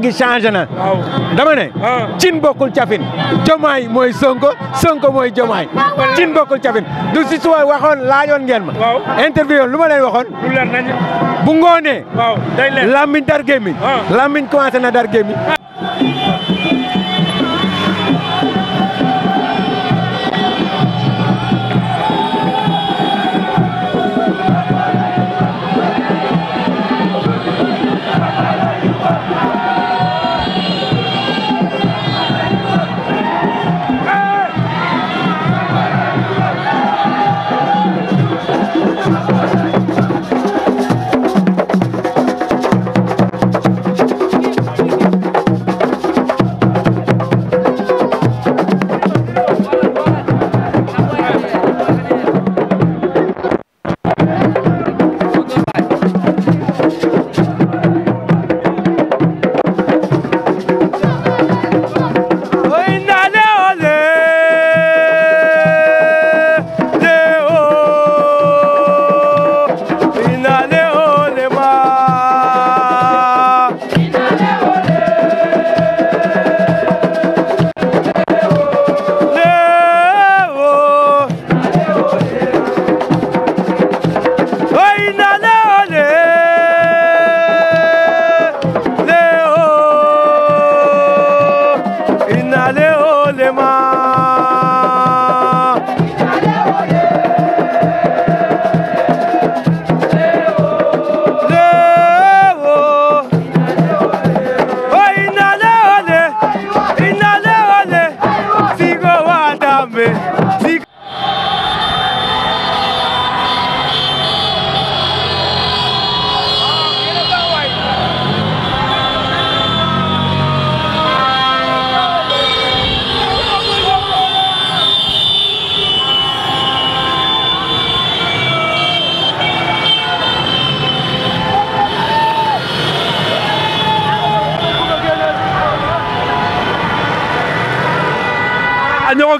gi changé na. dama ne. Ah. cin bokkul cafin. jomaay mooy sonko sonko mooy jomaay. cin bokkul cafin du si suba waxoon laajoon ngeen ma. interview lu ma waxoon. bu ngoonee. waaw dar gémmiñ. Ah. làmmiñ commencé na dar gémmiñ.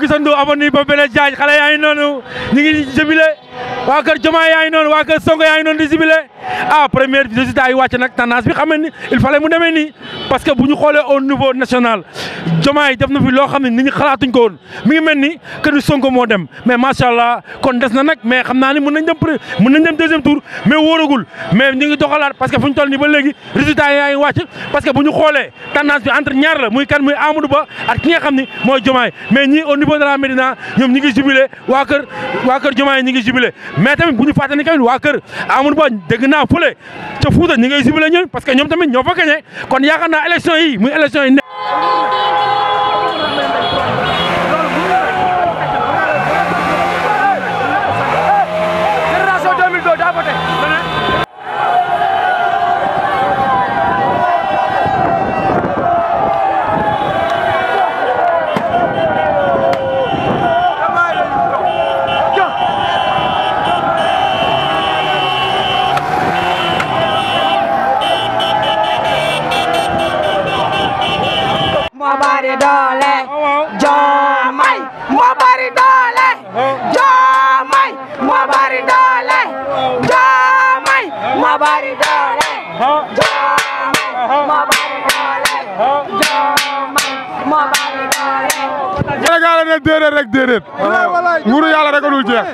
gisandoo abonné ba beneen jaaj xale yaa ngi noonu ñu ngi jibile waa yaa ngi noonu waa kër Sonko yaa ngi noonu di ah première résultat yi wàcc nag tendance bi xam ne ni il fallait mu demee nii parce que bu ñu xoolee au niveau national Diomaye def na fi loo xam ne nit ñi xalaatuñ ko woon mi ngi ni que ni Sonko moo dem mais macha allah kon des na nag mais xam naa ni mën nañ dem pré mën nañ dem deuxième tour mais wóoragul mais ñu ngi doxalaat parce que fu ñu toll nii ba léegi résultat yaa ngi wàcc parce que bu ñu xoolee tendance bi entre ñaar la muy kan muy Amadou Ba ak ki nga xam ni mooy Diomaye mais ñii au niveau de ñi ngi jubilé waa kër waa kër Diomaye ñi ngi jubilé mais tamit ëppale ca Fuuta ñi ngay sibile ñun parce que ñoom tamit ñoo fa gagné kon yaakaar naa élection yi muy élection yi moo bari doole Diomaye moo bari doole Diomaye moo bari doole Diomaye moo bari doole Diomaye moo bari doole Diomaye moo bari doole Sénégal ne déedéet rek déedéet nguuru yàlla rek dul jeex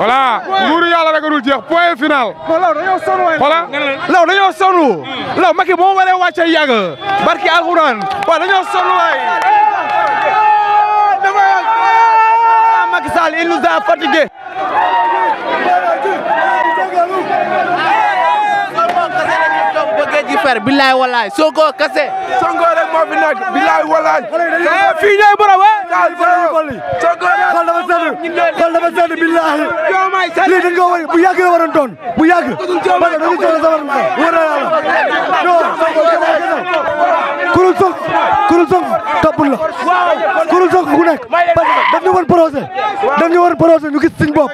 voilà nguuru yàlla rek dul jeex point final. Oh, law dañoo sonn waay voilà. law dañoo sonn. law Macky bu ma waree wàcce barki alxuraan waaw dañoo sonn waay. Macky Sall il nous a fatigué. fer billaay walaay Sonko kase Sonko rek moo fi nekk billaay walaay fii ñooy borom Sonko xol dafa sedd xol dafa sedd billaay lii dañ ko war bu yàgg la waroon doon bu yàgg parce que dañu teel a sa war war projet dañ ñu war projet ñu gis suñ bopp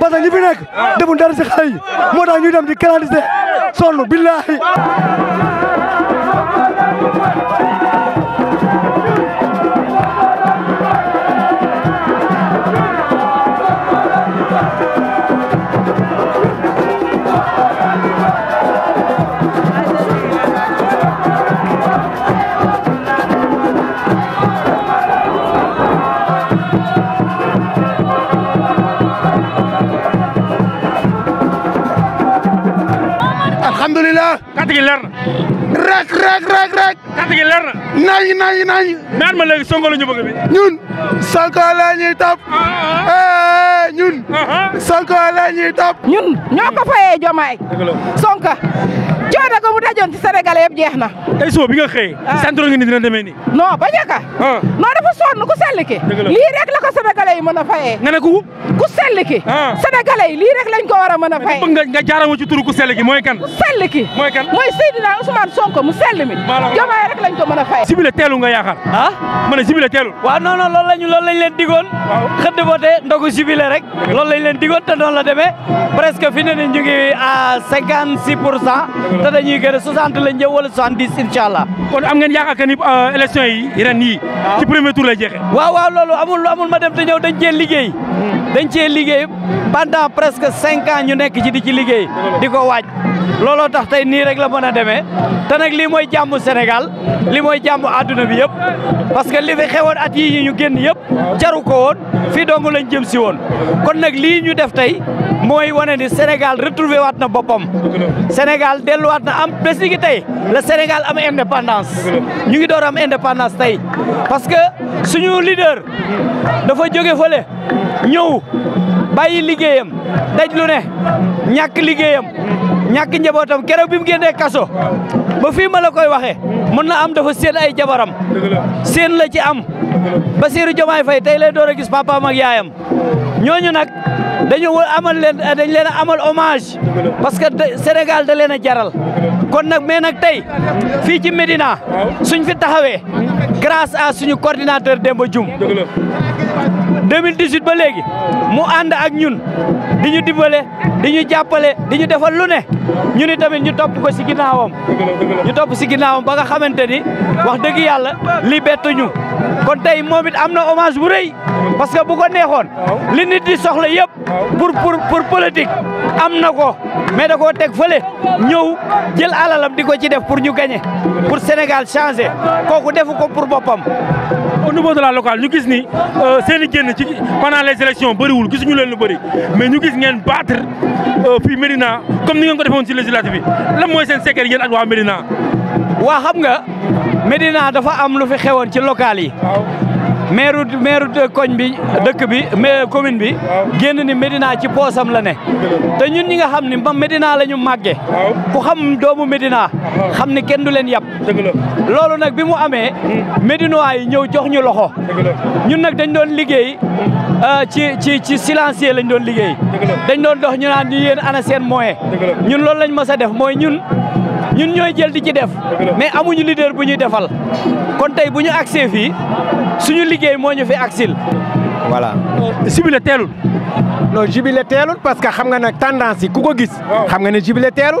parce que ñi fi nekk defuñ dara si xale yi moo tax ñuy dem di canaliser sonn billaahi carte gi rek rek rek rek. carte nañ nañ nañ. naan ma léegi Sonko la ñu bëgg bi. ñun Sonko la ñuy topp. Ah, ah, ah. Eh, ñun. Sonko la ñuy topp. ñun ñoo ko fayee Jomaay. Sonko. farata ko mu dajoon ci Sénégal yëpp jeex na. tey suba bi nga xëyee. sant ah. nga ni dina demee nii. non bañ a ka. Ah. non dafa sonn ku sell ki. lii rek la ko sénégalais yi mën a fayee. nga ne ku. ku sell ki. Ah. sénégalais yi lii rek lañ ko war a mën a nga nga turu ku sell mooy kan. ku sell mooy kan mooy Seydina Ousmane mu sell mi. jomaay rek lañ ko mën a sibile teelu nga yaakaar. ah ma sibile teelu. waaw non non loolu lañu loolu lañ digoon. waaw xëdd ndogu dañuy gëna 60 lañ ñëw wala 70 inshallah kon am ngeen yaaka ni élection uh, yi ren yi ci ha? premier tour lay jexé waaw waaw loolu amul lu amul ma dem dañu dañ ci liggéey dañ ci liggéey pendant presque 5 ans ñu nekk ci di ci liggéey diko wajj looloo tax tey nii rek la mën a demee te nag lii mooy jàmm Sénégal lii mooy jàmm àdduna bi yëpp parce que li fi xewoon at yi yi ñu génn yëpp jaru ko woon fii dong lañ jëm si woon kon nag lii ñu def tey mooy wane ni Sénégal retrouvé waat na boppam Sénégal delluwaat na am bés tey la Sénégal am indépendance ñu ngi door am indépendance tey parce que suñu leader dafa jóge fële ñëw bàyyi liggéeyam daj lu ne ñàkk liggéeyam ñàkk njabootam keroog bi mu génnee kaso ba fii ma la koy waxee mën na am dafa seen ay jabaram seen la ci am ba Bassirou Diomaye Faye tey lay door a gis papaam ak yaayam ñooñu nag dañu amal leen dañ leen amal hommage parce que Sénégal da leen a jaral kon nag mais nag tey fii ci Médina suñ fi taxawee grâce à suñu coordinateur Demba Dioum 2018 ba léegi mu ànd ak ñun di ñu dimbale di ñu jàppale di ñu defal lu ne ñu ni tamit ñu topp ko si ginnaawam ñu topp si ginnaawam ba nga xamante ni wax dëgg yàlla li bettuñu kon tey moom it am na hommage bu rëy parce que bu ko neexoon li nit di soxla yëpp pour pour pour politique am na ko mais da koo teg fële ñëw jël alalam di ko ci def pour ñu gagner pour Sénégal changer kooku defu ko pour boppam au niveau de la locale ñu gis ni euh, seen i génn ci pendant les élections bëriwul gisuñu leen lu bëri mais ñu gis ngeen battre euh, fii Médina comme ni ngeen ko defoon ci législative bi lan mooy seen secret yéen ak waa Médina. waa xam nga Médina dafa am lu fi xewoon ci locale yi. maire maire koñ bi dëkk bi commune bi génn ni Médina ci poosam la ne te ñun ñi nga xam ni ba Médina lañu ñu màggee ku xam doomu Médina xam ni kenn du leen yàpp loolu nag bi mu amee hmm. Médinois yi ñëw jox ñu loxo ñun nag dañ doon liggéey hmm. euh, ci ci ci silencieux lañ doon liggéey dañ doon dox ñu naan ni yéen ana seen ñun loolu lañ mës a def mooy ñun ñun ñooy jël di ci def mais amuñu leader bu ñuy defal kon tey bu ñu agsee fii suñu liggéey moo ñu fi agsil voilà. jubile teelul. noo jubile teelul parce que xam nga na tendance yi ku ko gis. xam nga ne jubile teelul.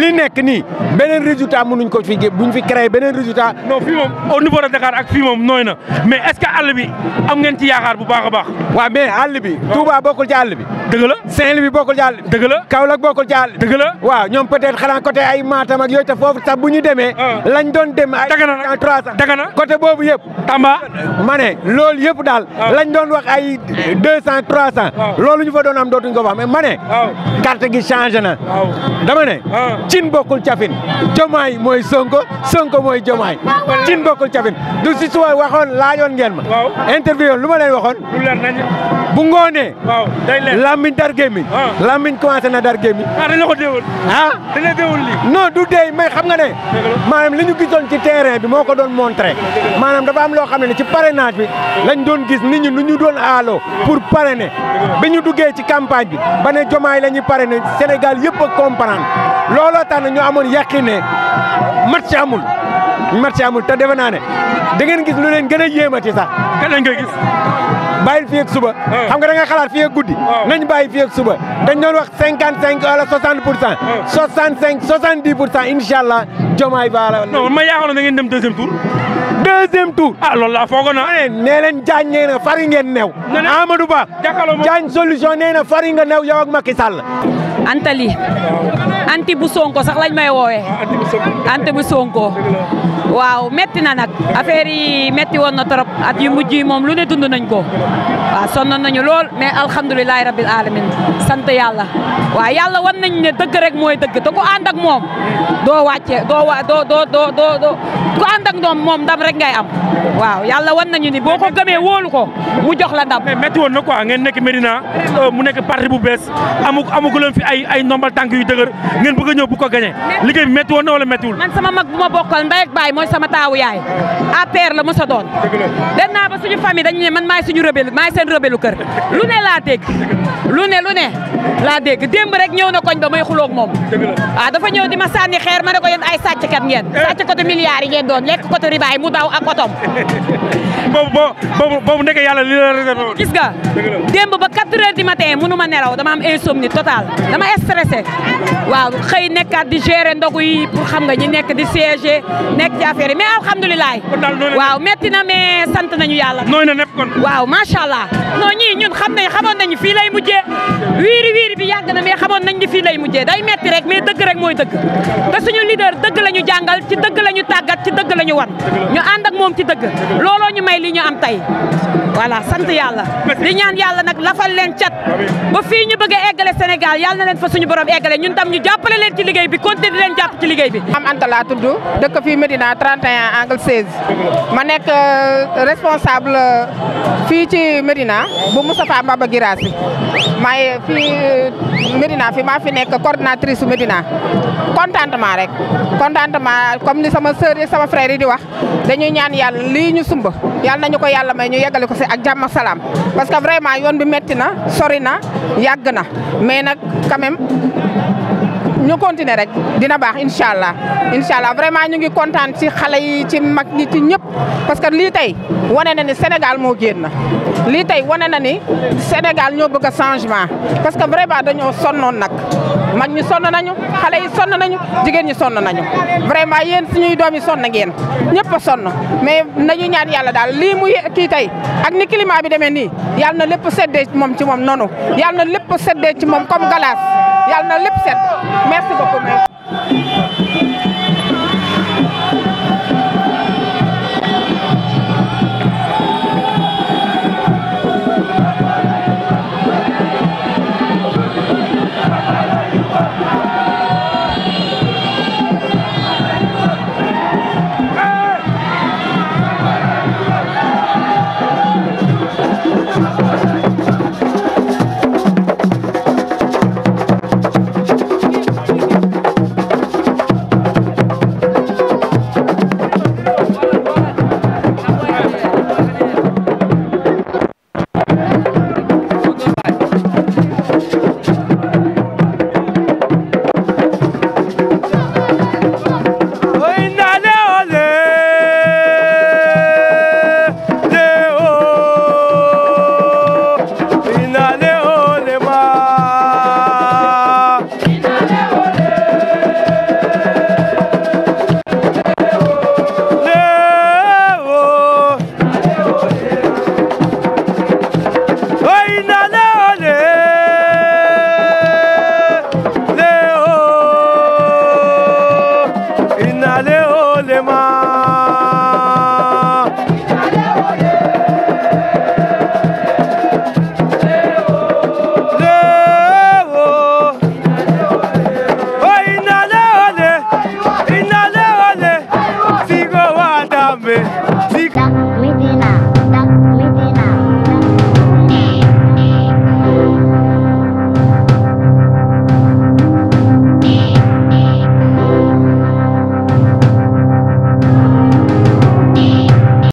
li nekk ni beneen résultat mënuñ ko fi buñ fi créé beneen résultat. non fii moom au niveau Dakar ak fii moom nooy na mais est ce que àll bi am ngeen ci yaakaar bu baax a baax. waaw mais àll bi. Touba bokkul ci àll bi. dëgg la saint bi bokkul ci àll bi. dëgg la Kaolack bokkul ci àll bi. dëgg la waaw ñoom peut être xanaa côté ay Matam ak yooyu te foofu sax bu ñu demee. Ah. lañ doon dem ay. Dagana trois cent Dagana côté boobu yëpp. Tamba ma ne loolu yëpp daal. Ah. lañ doon wax ay deux cent trois cent. Ah. loolu ñu fa doon am dootuñ ko wax mais ma ne. carte gi changé na. dama ne. cin bokkul cafin jomaay mooy sonko sonko mooy jomaay cin bokkul cafin du si suba waxoon laajoon ngeen ma interview lu ma leen waxoon bu ngoonee lammiñ dar gémmiñ lammiñ commencé na dar gémmiñ ah, ah? non du deey mais xam nga ne maanaam li ñu gisoon ci terrain bi moo ko doon montré maanaam dafa am loo xam ne ci parrainage bi lañ doon gis ni ñi lu ñu doon aaloo pour ne bi ñu duggee ci campagne bi ba ne jomaay la ñuy parrainer Sénégal yëpp a comprendre looloo tax na ñoo amoon yàqin ne match amul match amul te defe naa ne da ngeen gis lu leen gën a yéemati sax. kan lañ koy gis. suba. Eh. xam nga da nga xalaat fii ak guddi. nañ bàyyi fii suba dañ doon wax cinquante cinq wala soixante pour cent. Eh. soixante cinq soixante dix pour cent incha allah jomaay ba la. non man yaakaaroon na ngeen dem deuxième tour. deuxième tour. ah loolu laa foogoon naa. nee na leen Diagne nee na fari ngeen new. Amadou Ba. jàkkaarloo Diagne solution nee na fari nga new yow ak Macky Sall. Antali. anti bu sonko sax lañ may woowee. Ah, anti bu sonko waaw metti na nag affaire yi metti woon na trop at yu mujj yi moom lu ne dund nañ ko waaw na nañu lool mais alhamdulilahi rabil alamin sant yàlla waaw yàlla wan nañ ne dëgg rek mooy dëgg te ku ànd ak moom doo wàcce doo wa doo doo doo doo doo ku ànd ak ñoom moom ndam rek ngay am waaw yàlla wan nañu ni boo ko gëmee wóolu ko mu jox la ndam. mais metti woon na quoi ngeen nekk Medina euh, mu nekk parti bu bees amu amugu leen fi ay ay ndombal tànk yu dëgër. ngeen bëgg a ñëw bu ko gagné liggéey bi métti woon na wala méttiwul man sama mag bu ma bokkal ndey ak baay mooy sama taawu yaay APR la mos a doon dem naa ba suñu famille dañu ne man maay suñu rebelle maay seen rebelle kër lu ne laa dégg lu ne lu ne laa dégg demb rek ñëw na koñ ba may xuloog moom waaw ah, dafa ñëw di ma sànni xeer ma ne ko yéen ay sàcckat ngeen eh. sàcckatu milliards yi ngeen doon lekk kotu ribaay mu daw ak otom boobu boobu nekk yàlla li la réservé woon gis nga démb ba 4 heures du matin ma nelaw dama am insomnie total dama stressé waaw waaw xëy nekkaat di gérer ndogu yi pour xam nga ñi nekk di siéger nekk ci affaire yi mais alhamdulilah. waaw métti na mais sant nañu yàlla. nooy na nepp kon. waaw macha allah non ñii ñun xam nañ xamoon nañu fii lay mujjee wiiri wiiri bi yàgg na mais xamoon nañ fii lay mujjee day metti rek mais dëgg rek mooy dëgg te suñu leader dëgg la ñu jàngal ci dëgg la ñu tàggat ci dëgg la ñu wan ñu ànd ak moom ci dëgg looloo ñu may li ñu am tey voilà sant yàlla di ñaan yàlla nag lafal leen cat a jàppale leen ci liggéey bi continuer di liggéey bi. am Anta laa tudd dëkk fii Médina en angle 16 ma nekk euh, responsable euh, fii ci Médina bu Moustapha ba Guirassy maay euh, fii Médina fi maa fi nekk coordinatrice su Médina contentement rek contentement comme ni sama sœur sama frère di wax dañuy ñaan yàlla lii ñu sumba na ñu ko yàlla may ñu yeggale ko si ak jàmm salaam parce que vraiment yoon bi metti na sori na yàgg na mais nag quand ñu continuer rek dina baax incha allah incha allah vraiment ñu ngi kontaan ci xale yi ci mag ñi ci ñëpp parce que lii tey wane na ni Sénégal moo géen na lii tey wane na ni Sénégal ñoo bëgg a changement parce que vraiment dañoo sonnoon nag mag ñi sonn nañu xale yi sonn nañu jigéen ñi sonn nañu vraiment yéen suñuy doom yi sonn ngeen ñëpp a sonn mais nañu ñaan yàlla daal lii muy kii tey ak ni climat bi demee nii yàlla na lépp seddee moom ci moom noonu yàlla na lépp seddee ci moom comme glace yàlla na lépp set merci beaucoup merci